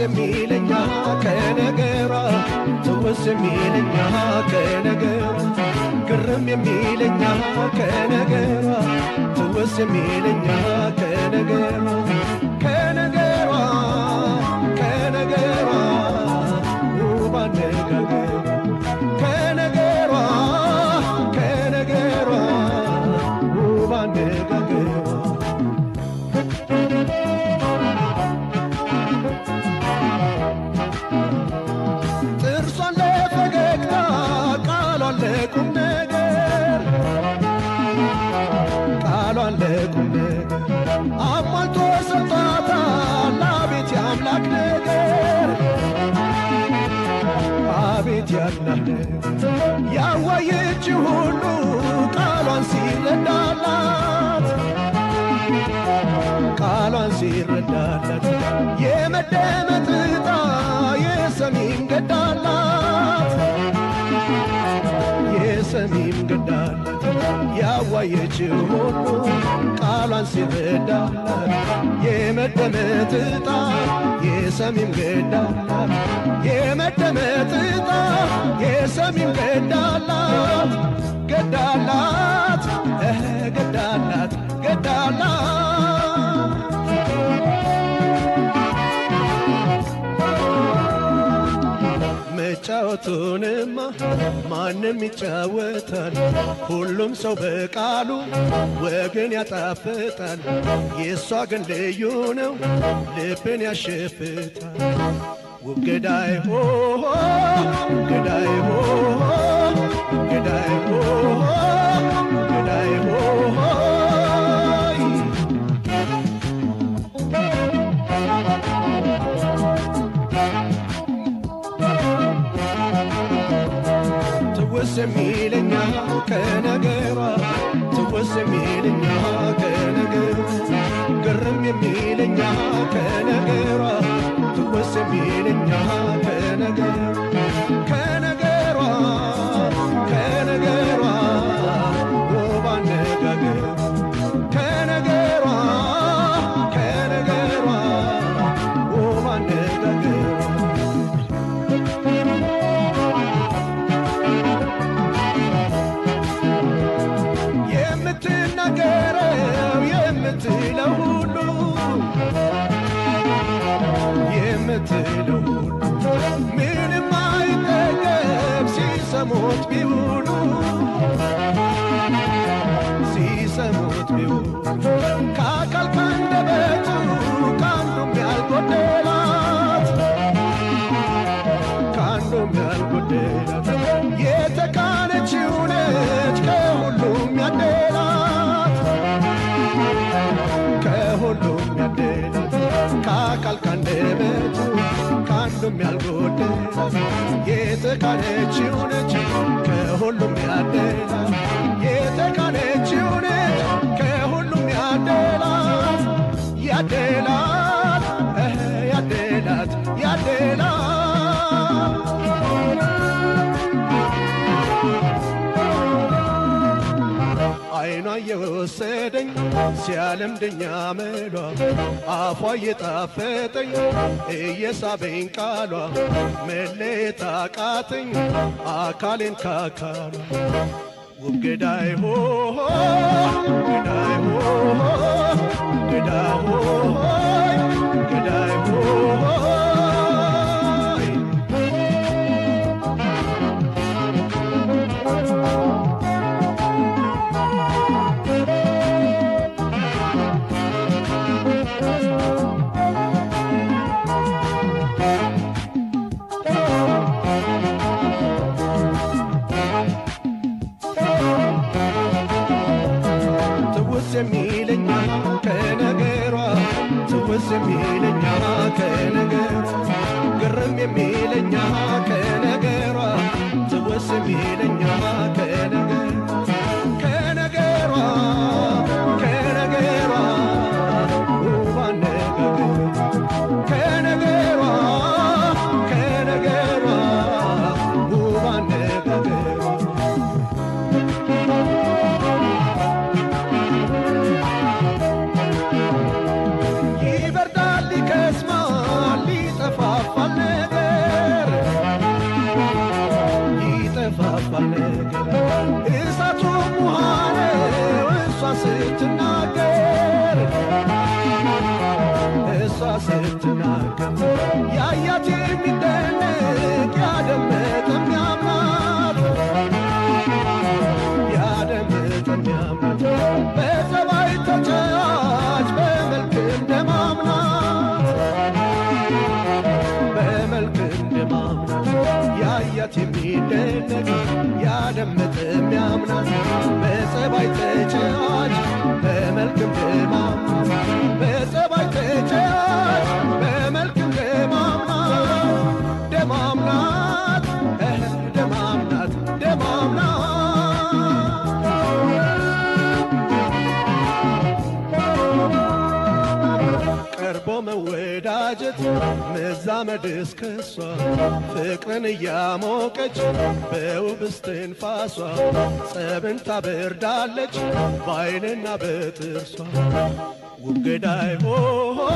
የሚለኛ ከነገሯ ትውስ ግርም የሚለኛ ከነገሯ ትውስ የሚለኛ ከነገሯ አምላክ ነገር አቤት ያናል ያዋየች ሁሉ ቃሏን ሲረዳላት ቃሏን ሲረዳላት የመደመጥጣ ዕጣ የሰሚን ገዳላት ያዋየችው ሁሉ ቃሏን ሲረዳ የመደመጥ ዕጣ የሰሚም ገዳላት የመደመጥ ዕጣ የሰሚም ገዳላት ጩኸቱንማ ማንም ይጫወታል። ሁሉም ሰው በቃሉ ወግን ያጣፍጣል። የእሷ ግን ልዩ ነው፣ ልብን ያሸፍታል። ውግዳይ ሆሆ ውግዳይ ሆሆ ውግዳይ ሆሆ ውግዳይ ሆሆ የሚለኛ ከነገሯ ትውስ የሚለኛ ከነገሯ ግርም የሚለኛ ከነገሯ ትውስ የሚለኛ ቢውሉ ሲሰሙት ቢውሉ ከአካል ካንደበት ከአንዱም ያልጎደላት ከአንዱም ያልጎደላት የተካነችው ከሁሉም ያደላት ከሁሉም ያደላት ከአካል ካንደበቱ ከአንዱም ያልጎደላት የተካነችው እየወሰደኝ ሲያለምደኛ መሏ አፏ እየጣፈጠኝ እየሳበኝ ቃሏ መለየት አቃተኝ አካሌን ካካሏ ውብ ገዳይ ሆሆ የሚለኛ ከነገር ግርም የሚለኛ ከነገሯ ትወስ የሚለ ስትናገር እሷ ሰርታ የሚያደምጥ የሚያምናት በጸባይ ተጫዋች በመልክም ከዛመድ እስከ ፍቅርን እያሞቀች በውብ እስትንፋሷ ጸብን ታበርዳለች በአይንና በጥርሷ ውብ ገዳይ ሆ